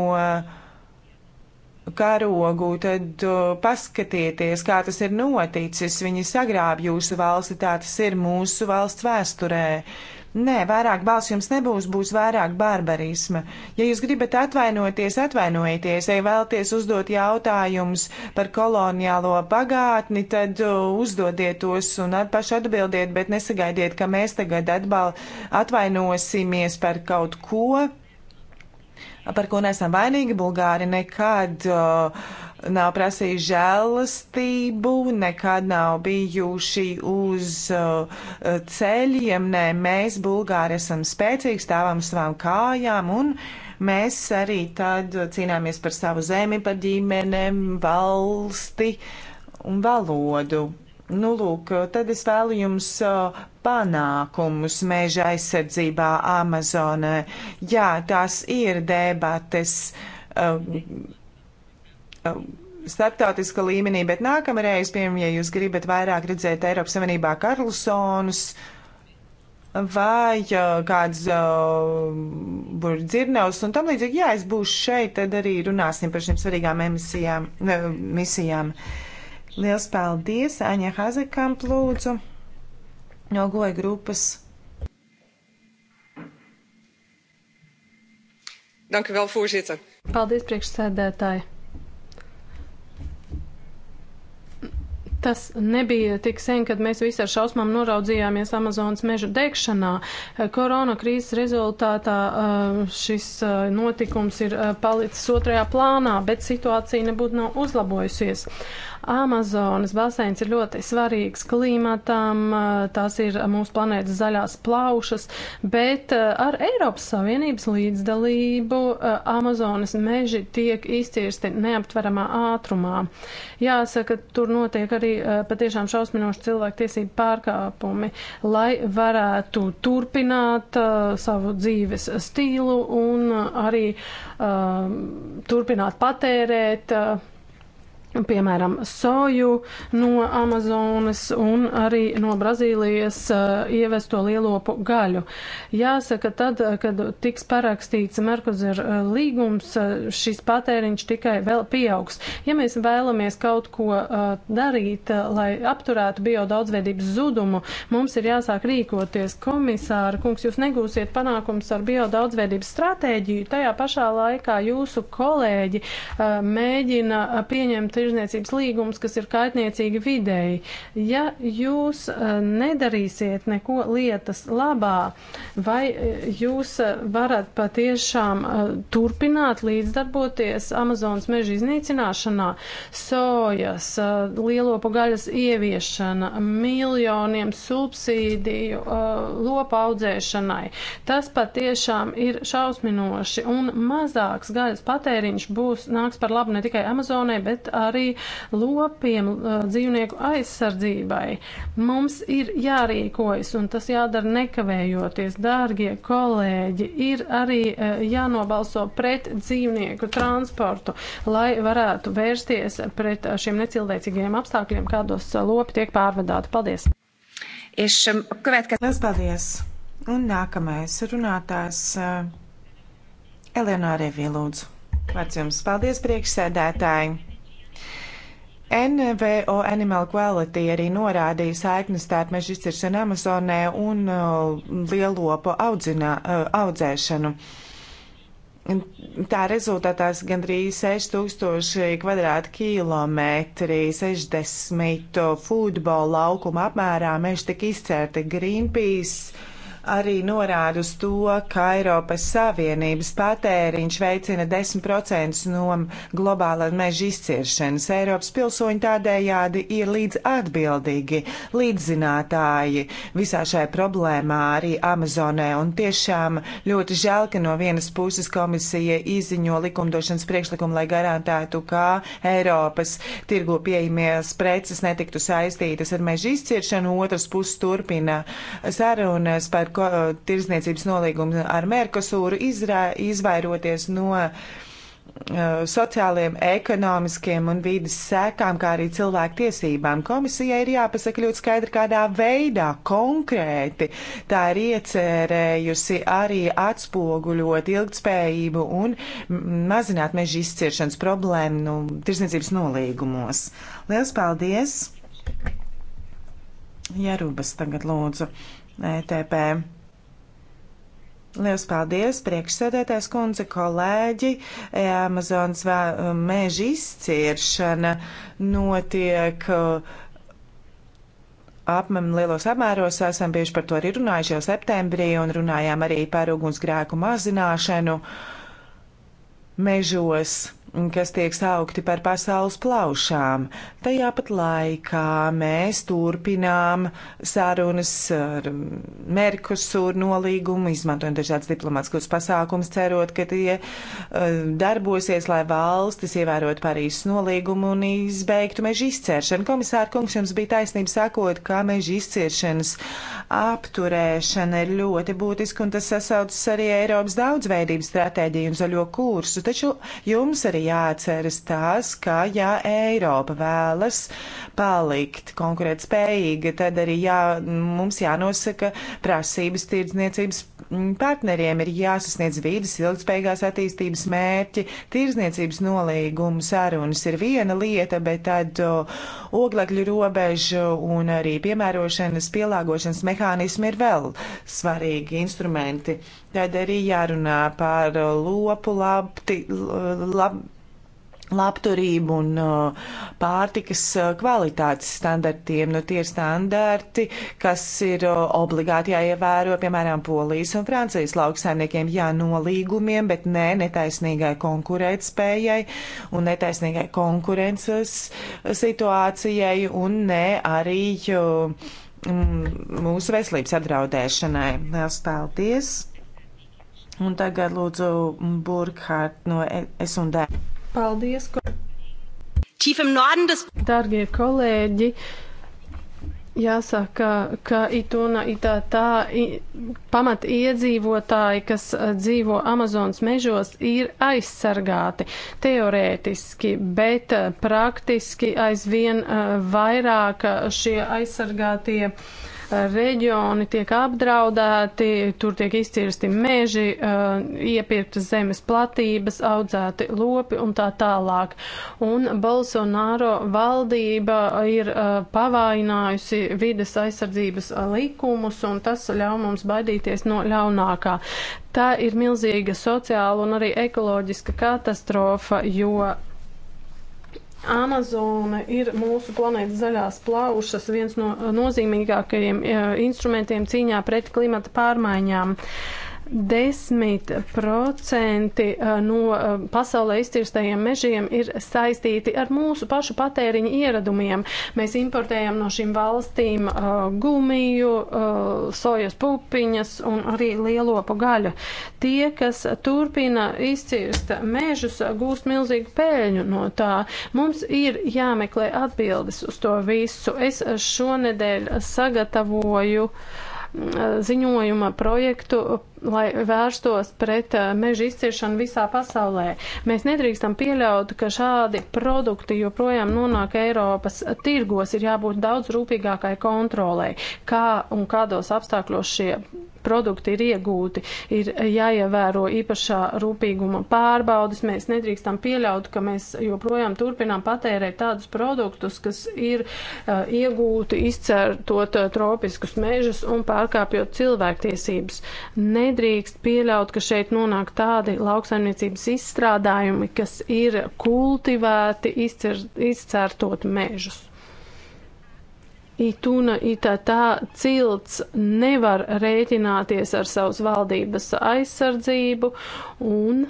karogu, tad paskatieties, kā tas ir noticis. Viņi sagrāb jūsu valsti, tā tas ir mūsu valsts vēsturē. Nē, vairāk balss jums nebūs, būs vairāk barbarisma. Ja jūs gribat atvainoties, atvainojieties, ja vēlaties uzdot jautājumus par koloniālo pagātni, tad uh, uzdodiet tos un at paši atbildiet, bet nesagaidiet, ka mēs tagad atbal atvainosimies par kaut ko par ko nesam vainīgi. Bulgāri nekad uh, nav prasījuši žēlastību, nekad nav bijuši uz uh, ceļiem. Nē, mēs, Bulgāri, esam spēcīgi, stāvam savām kājām un mēs arī tad cīnāmies par savu zemi, par ģimenēm, valsti un valodu. Nu, lūk, tad es vēlu jums panākumus meža aizsardzībā Amazonē. Jā, tās ir debates. Uh, uh, starptautiska līmenī, bet nākamreiz, piemēram, ja jūs gribat vairāk redzēt Eiropas Savienībā Karlsonus vai uh, kāds uh, um, burdzirnevs un tam līdzīgi, ja es būšu šeit, tad arī runāsim par šīm svarīgām emisijām, uh, misijām. Liels paldies, Aņa Hazekam, lūdzu no goja grupas. Dank u wel, voorzitter.
Paldies, priekšsēdētāji. Tas nebija tik sen, kad mēs visi ar šausmām noraudzījāmies Amazonas meža degšanā. Korona krīzes rezultātā eh, šis eh, notikums ir eh, palicis otrajā plānā, bet situācija nebūtu nav uzlabojusies. Amazonas baseins ir ļoti svarīgs klimatam, tās ir mūsu planētas zaļās plaušas, bet ar Eiropas Savienības līdzdalību Amazonas meži tiek izcirsti neaptveramā ātrumā. Jāsaka, tur notiek arī veikti eh, patiešām šausminoši cilvēktiesību pārkāpumi, lai varētu turpināt eh, savu dzīves stilu un eh, arī turpināt patērēt piemēram, soju no Amazonas un arī no Brazīlijas uh, ievesto lielopu gaļu. Jāsaka, tad, uh, kad tiks parakstīts Merkuzir uh, līgums, uh, šis patēriņš tikai vēl pieaugs. Ja mēs vēlamies kaut ko uh, darīt, uh, lai apturētu biodaudzveidības zudumu, mums ir jāsāk rīkoties. Komisāra kungs, jūs negūsiet panākums ar biodaudzveidības stratēģiju, tajā pašā laikā jūsu kolēģi mēģina pieņemt tirzniecības līgumus, kas ir kaitniecīgi videi. Ja jūs eh, nedarīsiet neko lietas labā, vai eh, jūs eh, varat patiešām turpināt līdzdarboties Amazonas meža iznīcināšanā, sojas, lielopu gaļas ieviešana, miljoniem subsīdiju lopu audzēšanai. Tas patiešām ir šausminoši un mazāks gaļas patēriņš būs nāks par labu ne tikai Amazonai, bet uh, arī lopiem, uh, dzīvnieku aizsardzībai. Mums ir jārīkojas, un tas jādara nekavējoties. Dārgie kolēģi, ir arī uh, jānobalso pret dzīvnieku transportu, lai varētu vērsties pret uh, šiem necildēcīgajiem apstākļiem, kādos lopi tiek pārvedāti. Paldies! És a következő...
Lesz paldies! Un nākamais runātājs uh, Eleonāra Evilūdzu. Vārds jums paldies, priekšsēdētāji! NVO Animal Quality arī norādīja saiknes starp meža izciršanu Amazonē un uh, lielopu audzinā, uh, audzēšanu. Tā rezultātās gandrīz 6000 kvadrātkilometri, 60 futbola laukuma apmērā meži tika izcērti Greenpeace arī norāda uz to, ka Eiropas Savienības patēriņš veicina 10% no globālās meža izciršanas. Eiropas pilsoņi tādējādi ir līdz atbildīgi, līdzzinātāji visā šai problēmā arī Amazonē. Un tiešām ļoti žēl, ka no vienas puses komisija izziņo likumdošanas priekšlikumu, lai garantētu, ka Eiropas tirgu pieejamies preces netiktu saistītas ar meža izciršanu, otras puses turpina sarunas par tirzniecības nolīgumu ar Merkosūru, izrā, izvairoties no sociāliem, ekonomiskiem un vīdes sekām, kā arī cilvēku tiesībām. Komisijai ir jāpasaka ļoti skaidri, kādā veidā konkrēti tā ir iecerējusi arī atspoguļot ilgtspējību un mazināt meža izciršanas problēmu nu, tirsniecības nolīgumos. Liels paldies! Jarubas tagad lūdzu. ETP. Lielas paldies, priekšsēdētājs kundze, kolēģi. E, Amazonas mēža izciršana notiek e, apmēram lielos apmēros. Esam bieži par to arī runājuši jau septembrī un runājām arī par ugunsgrēku mazināšanu mežos kas tiek saukti par pasaules plaušām. Tajā pat laikā mēs turpinām sarunas ar Merkusūru nolīgumu, izmantojam dažādas diplomātiskos pasākums, cerot, ka tie eh, darbosies, lai valstis ievērot Parīzes nolīgumu un izbeigtu meža izcēršanu. Komisāra kungs jums bija taisnība sakot, ka meža izcēršanas apturēšana ir ļoti būtiska un tas sasaucas arī Eiropas daudzveidības stratēģiju un zaļo kursu. Taču jums arī jāatceras tas, ka ja Eiropa vēlas palikt konkurēt spējīga, tad arī jā, mums jānosaka prasības tirdzniecības partneriem ir jāsasniedz vīdes ilgspējīgās attīstības mērķi, tirdzniecības nolīgumu sarunas ir viena lieta, bet tad oglekļu robežu un arī piemērošanas pielāgošanas mehānismi ir vēl svarīgi instrumenti. Tad arī jārunā par lopu labti, lab, labturību un uh, pārtikas uh, kvalitātes standartiem. Nu, tie ir standarti, kas ir uh, obligāti jāievēro, piemēram, Polijas un Francijas lauksaimniekiem, jā, nolīgumiem, bet nē, netaisnīgai konkurētspējai un netaisnīgai konkurences uh, situācijai un nē arī uh, mūsu veselības apdraudēšanai. Lielas paldies! Un tagad lūdzu Burkhardt no e S&D. Paldies, ko...
Dargie kolēģi, jāsaka, ka Ituna itā tā pamat iedzīvotāji, kas dzīvo Amazonas mežos, ir aizsargāti teorētiski, bet praktiski aizvien vairāk šie aizsargātie uh, reģioni tiek apdraudēti, tur tiek izcirsti meži, eh, iepirktas zemes platības, audzēti lopi un tā tālāk. Un Bolsonaro valdība ir eh, pavainājusi vides aizsardzības likumus, un tas ļauj mums baidīties no ļaunākā. Tā ir milzīga sociāla un arī ekoloģiska katastrofa, jo Amazone ir mūsu planētas zaļās plaušas viens no nozīmīgākajiem eh, instrumentiem cīņā pret klimata pārmaiņām. Uh, 10% eh, no eh, pasaulē izcirstajiem mežiem ir saistīti ar mūsu pašu patēriņa ieradumiem. Mēs importējam no šīm valstīm eh, gumiju, sojas pupiņas un arī lielopu gaļu. Tie, kas turpina izcirst mežus, gūst milzīgu pēļņu no tā. Mums ir jāmeklē atbildes uz to visu. Es šonedēļ sagatavoju mm, ziņojuma projektu lai vērstos pret eh, meža izciešanu visā pasaulē. Mēs nedrīkstam pieļaut, ka šādi produkti joprojām nonāk Eiropas tirgos. Ir jābūt daudz rūpīgākai kontrolei, kā un kādos apstākļos šie produkti ir iegūti. Ir jāievēro īpašā rūpīguma pārbaudas. Mēs nedrīkstam pieļaut, ka mēs joprojām turpinām patērēt tādus produktus, kas ir uh, iegūti izcērtot uh, tropiskus mežus un pārkāpjot cilvēktiesības. Ne nedrīkst pieļaut, ka šeit nonāk tādi lauksaimniecības izstrādājumi, kas ir kultivēti, izcer, izcērtot mežus. Ituna itātā cilts nevar rēķināties ar savas valdības aizsardzību un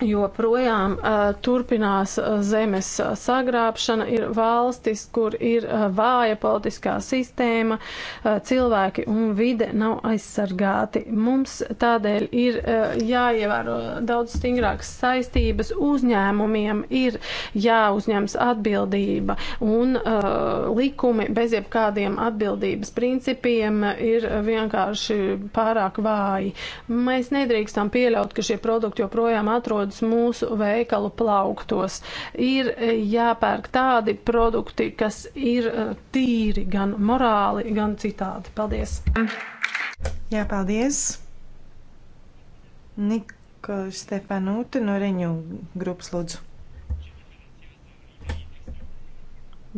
joprojām uh, turpinās zemes sagrābšana, ir valstis, kur ir uh, vāja politiskā sistēma, uh, cilvēki un vide nav aizsargāti. Mums tādēļ ir uh, jāievēro daudz stingrākas saistības, uzņēmumiem ir jāuzņems atbildība un uh, likumi bez jebkādiem atbildības principiem ir vienkārši pārāk vāji. Mēs nedrīkstam pieļaut, ka šie produkti joprojām atrodas atrodas mūsu veikalu plauktos. Ir eh, jāpērk tādi produkti, kas ir eh, tīri gan morāli, gan citādi. Paldies!
Jā, paldies! Nika Stefanūte no Reņu grupas lūdzu.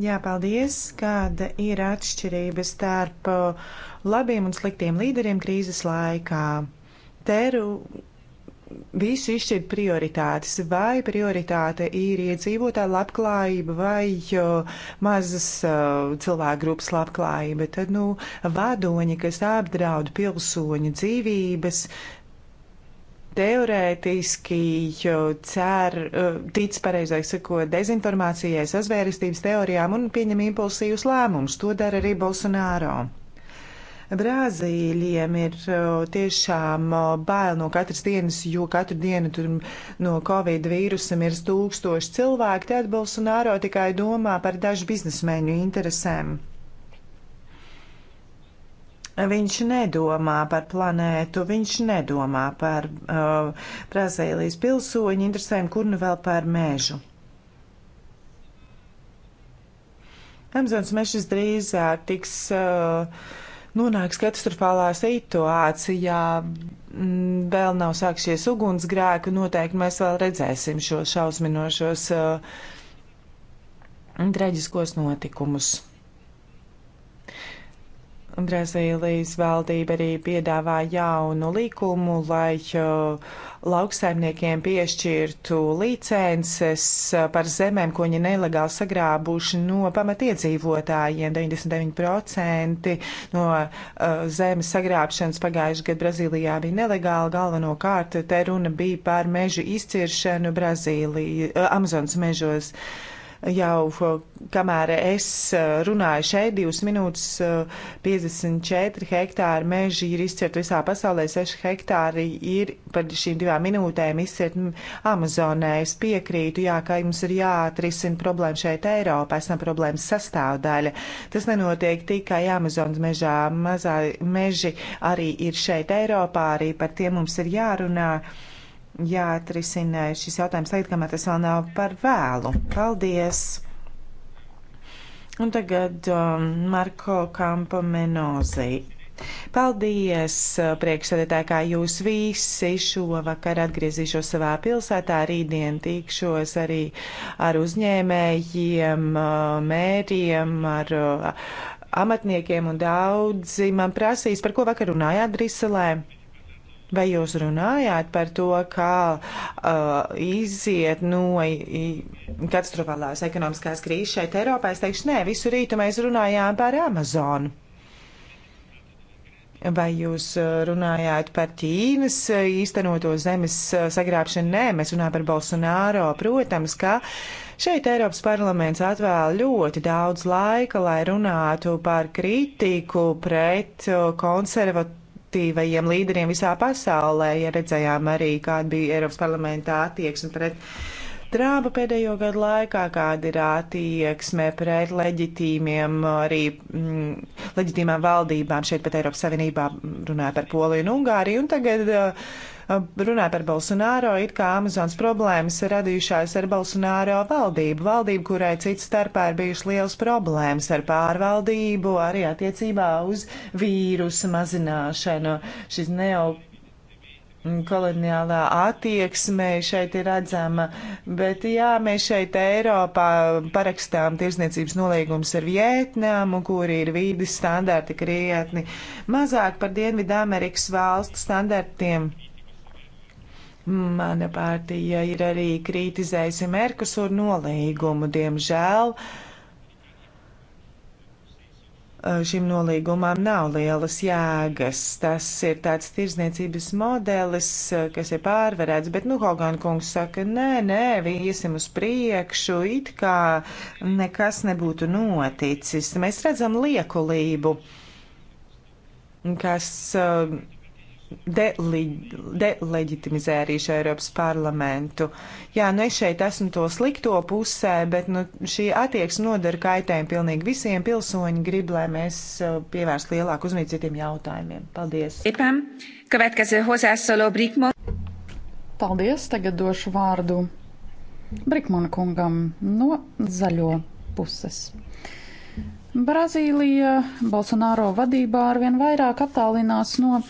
Jā, paldies. Kāda ir atšķirība starp eh, labiem un sliktiem līderiem krīzes laikā? Teru visu izšķir prioritātes. Vai prioritāte ir iedzīvotāja labklājība vai mazas uh, cilvēku grupas labklājība? Tad, nu, vadoņi, kas apdraud pilsoņu dzīvības, teorētiski cer, uh, tic pareizai sakot dezinformācijai, sazvērestības teorijām un pieņem impulsīvus lēmumus. To dara arī Bolsonaro. Brāzīļiem ir tiešām bail no katras dienas, jo katru dienu tur no Covid vīrusa mirs tūkstoši cilvēki. Tad Bolsonaro tikai domā par dažu biznesmeņu interesēm. Viņš nedomā par planētu, viņš nedomā par uh, Brazīlijas pilsoņu interesēm, kur nu vēl par mēžu. Amazons mežs drīzāk tiks uh, nonāks katastrofālā situācijā. Mm, vēl nav sākšies ugunsgrēki, noteikti mēs vēl redzēsim šo šausminošos uh, traģiskos notikumus. Brazīlijas valdība arī piedāvā jaunu likumu, lai uh, lauksaimniekiem piešķirtu licences eh, par zemēm, ko viņi nelegāli sagrābuši no pamatiedzīvotājiem. 99% no uh, zemes sagrābšanas pagājušajā gadā Brazīlijā bija nelegāli. Galvenokārt te runa bija par mežu izciršanu Brazīlijas, uh, eh, Amazonas mežos. Uh, jau eh, kamēr es eh, runāju šeit, 2 minūtes 54 eh, hektāri meži ir izcirt visā pasaulē, 6 hektāri ir par šīm divām minūtēm izcirt Amazonē. Es piekrītu, jā, ka mums ir jāatrisina problēma šeit Eiropā, esam problēmas sastāvdaļa. Tas nenotiek tikai Amazonas mežā, mazā meži arī ir šeit Eiropā, arī par tiem mums ir jārunā. Yeah jāatrisina šis jautājums tagad, kamēr tas vēl nav par vēlu. Paldies! Un tagad um, Marko Kampa Menozei. Paldies, uh, priekšsēdētāji, kā jūs visi šovakar atgriezīšos savā pilsētā. Rītdien tikšos arī ar uzņēmējiem, uh, mēriem, ar uh, amatniekiem un daudzi man prasīs, par ko vakar runājāt Briselē. Vai jūs runājāt par to, kā uh, iziet no katastrofālās ekonomiskās krīzes šeit Eiropā? Es teikšu, nē, visu rītu mēs runājām par Amazonu. Vai jūs uh, runājāt par Ķīnas uh, īstenoto zemes uh, sagrābšanu? Nē, mēs runājam par Bolsonaro. Protams, ka šeit Eiropas parlaments atvēl ļoti daudz laika, lai runātu par kritiku pret konservatīvu aktīvajiem līderiem visā pasaulē, ja redzējām arī, kāda bija Eiropas parlamentā attieksme pret. Trāba pēdējo gadu laikā, kāda ir attieksme pret leģitīmiem, arī mm, leģitīmām valdībām šeit pat Eiropas Savienībā runāja par Poliju un Ungāriju, un tagad uh, runāja par Bolsonaro, it kā Amazonas problēmas ir radījušās ar Bolsonaro valdību. Valdību, kurai cits starpā ir bijušas liels problēmas ar pārvaldību, arī attiecībā uz vīrusu mazināšanu. Šis neo koloniālā attieksme šeit ir redzama, bet jā, mēs šeit Eiropā parakstām tirsniecības nolīgums ar Vietnamu, kur ir vīdes standarti krietni mazāk par Dienvidu Amerikas valstu standartiem. Mana partija ir arī kritizējusi Merkusur nolīgumu, diemžēl. Šim nolīgumam nav lielas jēgas. Tas ir tāds tirzniecības modelis, kas ir pārvarēts, bet, nu, Hogan kungs saka, nē, nē, iesim uz priekšu, it kā nekas nebūtu noticis. Mēs redzam liekulību, kas. Uh, deleģitimizē arī šo Eiropas parlamentu. Jā, nu es šeit esmu to slikto pusē, bet nu, šī attieksme nodara kaitējumu pilnīgi visiem pilsoņi grib, lai mēs uh, pievērst lielāku uzmanību citiem jautājumiem. Paldies! Ipam, kāpēc, kas ir hozēsolo brīkmo? Paldies, tagad
došu vārdu Brikmana kungam no zaļo puses. Brazīlija Bolsonaro vadībā arvien vairāk attālinās no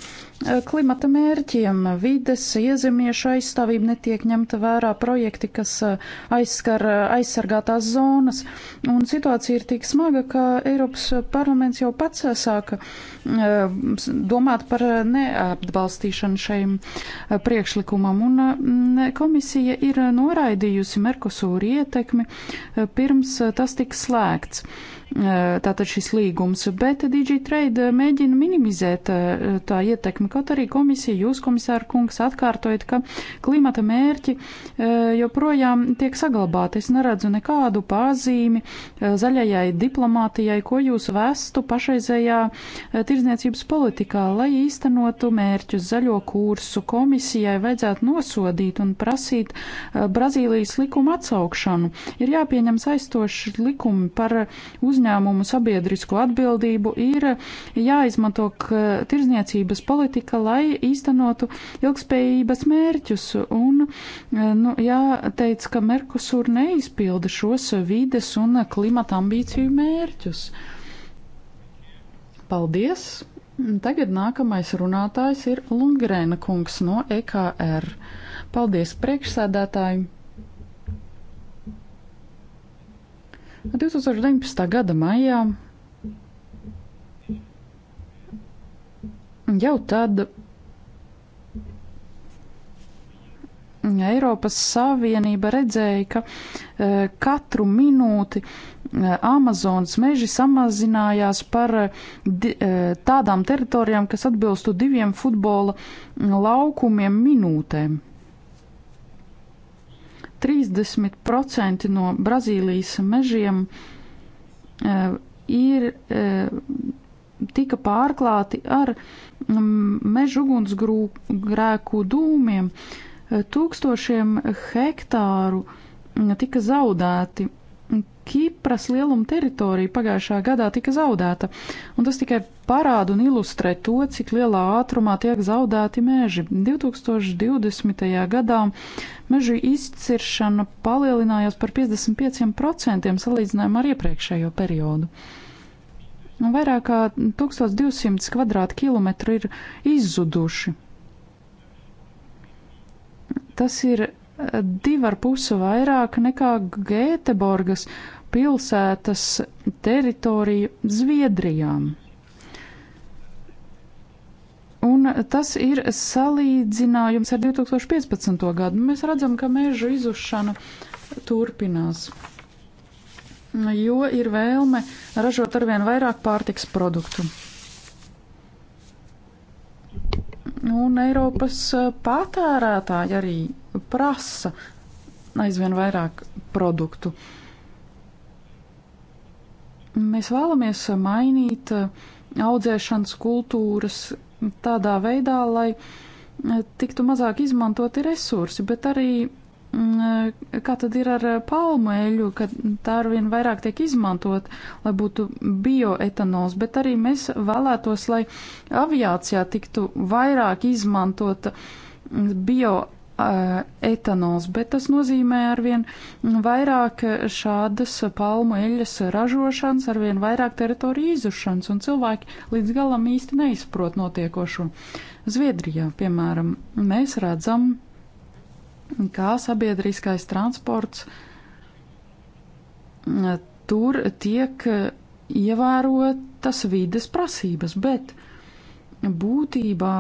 Eh, klimata mērķiem, vides iezemiešu aizstāvību netiek ņemta vērā projekti, kas eh, aizskar eh, aizsargātās zonas. Un situācija ir tik smaga, ka Eiropas parlaments jau pats sāka domāt par neapbalstīšanu šajam priekšlikumam. Un mm, komisija ir noraidījusi Merkosūru ietekmi pirms tas tika slēgts tātad šis līgums, bet DigiTrade mēģina minimizēt tā ietekmi, Kaut arī komisija, jūs, komisāra kungs, atkārtojat, ka klimata mērķi e, joprojām tiek saglabāti. Es neredzu nekādu pāzīmi e, zaļajai diplomātijai, ko jūs vestu pašreizējā e, tirzniecības politikā, lai īstenotu mērķus zaļo kursu. Komisijai vajadzētu nosodīt un prasīt Brazīlijas likumu atsaukšanu. Ir jāpieņem saistoši likumi par uzņēmumu sabiedrisko atbildību, ir jāizmanto tirzniecības politika politika, lai īstenotu ilgspējības mērķus. Un, e, nu, jāteic, ka Merkusur neizpilda šos vides un klimata ambīciju mērķus. Paldies! Tagad nākamais runātājs ir Lungrēna kungs no EKR. Paldies priekšsēdētāji! 2019. gada maijā Jau tad Eiropas Savienība redzēja, ka e, katru minūti e, Amazonas meži samazinājās par e, di, e, tādām teritorijām, kas atbilstu diviem futbola laukumiem minūtēm. 30% no Brazīlijas mežiem e, ir e, tika pārklāti ar meža ugunsgrēku dūmiem tūkstošiem hektāru tika zaudēti. Kipras lieluma teritorija pagājušā gadā tika zaudēta, un tas tikai parāda un ilustrē to, cik lielā ātrumā tiek zaudēti meži. 2020. gadā mežu izciršana palielinājās par 55% salīdzinājumā ar iepriekšējo periodu. Nu, vairāk kā 1200 kvadrātkilometru ir izzuduši. Tas ir eh, divi ar pusi vairāk nekā Gēteborgas pilsētas teritorija Zviedrijām. Un tas ir salīdzinājums ar 2015. gadu. Mēs redzam, ka meža izušana turpinās jo ir vēlme ražot arvien vairāk pārtiks produktu. Un Eiropas eh, patērētāji arī prasa aizvien vairāk produktu. Mēs vēlamies mainīt eh, audzēšanas kultūras tādā veidā, lai eh, tiktu mazāk izmantoti resursi, bet arī Mm, kā tad ir ar eh, palmu eļu, ka tā ar vien vairāk tiek izmantot, lai būtu bioetanols, bet arī mēs vēlētos, lai aviācijā tiktu vairāk izmantot mm, bioetanols, eh, bet tas nozīmē arvien vairāk šādas palmu eļas ražošanas, arvien vairāk teritoriju izušanas, un cilvēki līdz galam īsti neizprot notiekošo. Zviedrijā, piemēram, mēs redzam, kā sabiedriskais transports, eh, tur tiek ievērotas vides prasības, bet būtībā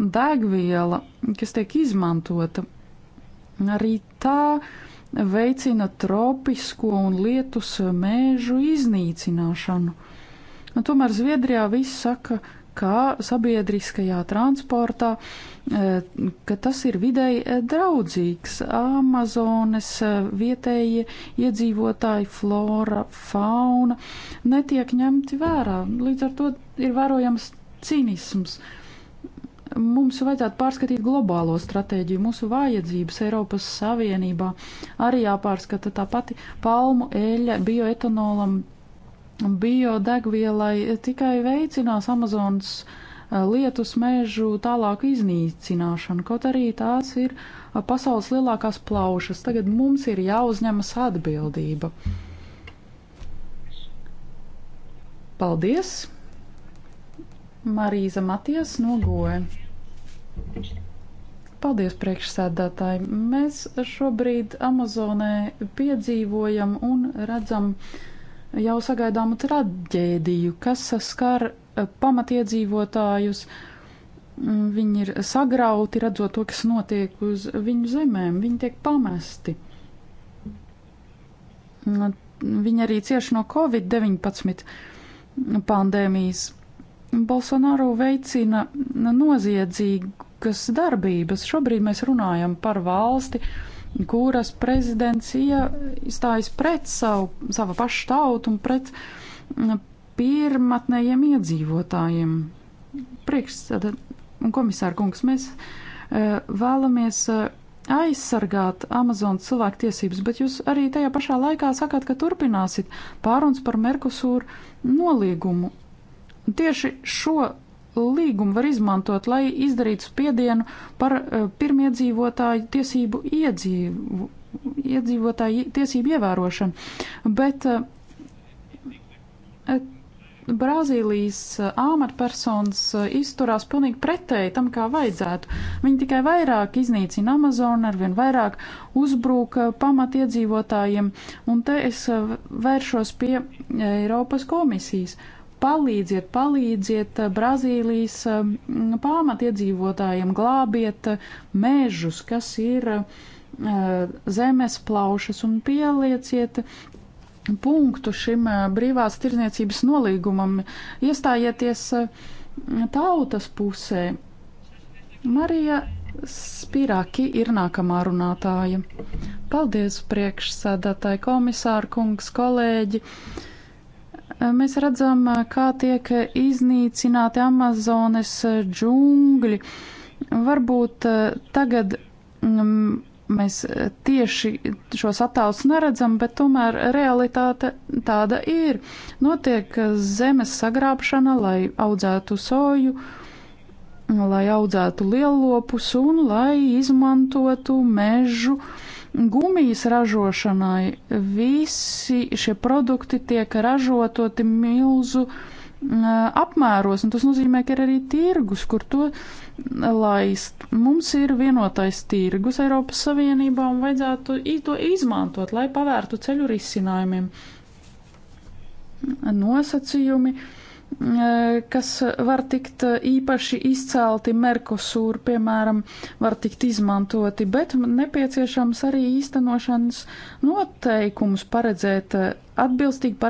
degviela, kas tiek izmantota, arī tā veicina tropisko un lietus mēžu iznīcināšanu. Un nu, tomēr Zviedrijā viss saka, kā sabiedriskajā transportā, e, ka tas ir vidēji draudzīgs. Amazones e, vietējie iedzīvotāji, flora, fauna netiek ņemti vērā. Līdz ar to ir vērojams cinisms mums vajadzētu pārskatīt globālo stratēģiju, mūsu vajadzības Eiropas Savienībā. Arī jāpārskata tā pati palmu eļļa bioetanolam biodegvielai tikai veicinās Amazonas eh, lietus mežu tālāku iznīcināšanu, kaut arī tās ir eh, pasaules lielākās plaušas. Tagad mums ir jāuzņemas atbildība. Paldies! Marīza Matijas nogoja. Paldies priekšsēdētāji. Mēs šobrīd Amazonē piedzīvojam un redzam uh, jau sagaidāmu traģēdiju, kas skar eh, pamatiedzīvotājus. Mm, viņi ir sagrauti, redzot to, kas notiek uz viņu zemēm. Viņi tiek pamesti. Mm, viņi arī cieši no Covid-19 pandēmijas. Bolsonaro veicina noziedzīgas darbības. Šobrīd mēs runājam par valsti, uh, kuras prezidents iestājas pret savu, savu pašu tautu un pret mm, pirmatnējiem iedzīvotājiem. Priekš, tad, un komisāra kungs, mēs uh, vēlamies uh, aizsargāt Amazonas cilvēku tiesības, bet jūs arī tajā pašā laikā sakāt, ka turpināsit pārunas par Merkusūru noliegumu. Tieši šo līgumu var izmantot, lai izdarītu spiedienu par eh, pirmiedzīvotāju tiesību iedzīvu, iedzīvotāju tiesību ievērošanu. Bet eh, eh, Brazīlijas āmatpersonas izturās pilnīgi pretēji tam, kā vajadzētu. Viņi tikai vairāk iznīcina Amazonu, arvien vairāk uzbrūk pamatiedzīvotājiem, un te es vēršos pie Eiropas komisijas. Uh, palīdziet, palīdziet eh, Brazīlijas eh, pamatiedzīvotājiem, glābiet eh, mežus, kas ir zemes plaušas un pielieciet punktu šim brīvās tirzniecības nolīgumam, iestājieties tautas pusē. Marija Spiraki ir nākamā runātāja. Paldies priekšsēdētāji komisāru kungs, kolēģi! Uh, Mēs redzam, kā tiek iznīcināti Amazonas džungļi. Varbūt tagad mm, mēs tieši šos attēlus neredzam, bet tomēr realitāte tāda ir. Notiek zemes sagrābšana, lai audzētu soju, lai audzētu lielopus un lai izmantotu mežu uh, Gumijas ražošanai visi šie produkti tiek ražototi milzu apmēros, un tas nozīmē, ka ir arī tirgus, kur to laist. Mums ir vienotais tirgus Eiropas Savienībā, un vajadzētu to izmantot, lai pavērtu ceļu risinājumiem. Nosacījumi uh, Eh, kas var tikt eh, īpaši izcelti Merkosūru, piemēram, var tikt izmantoti, bet nepieciešams arī īstenošanas noteikums paredzēt eh, atbilstīgi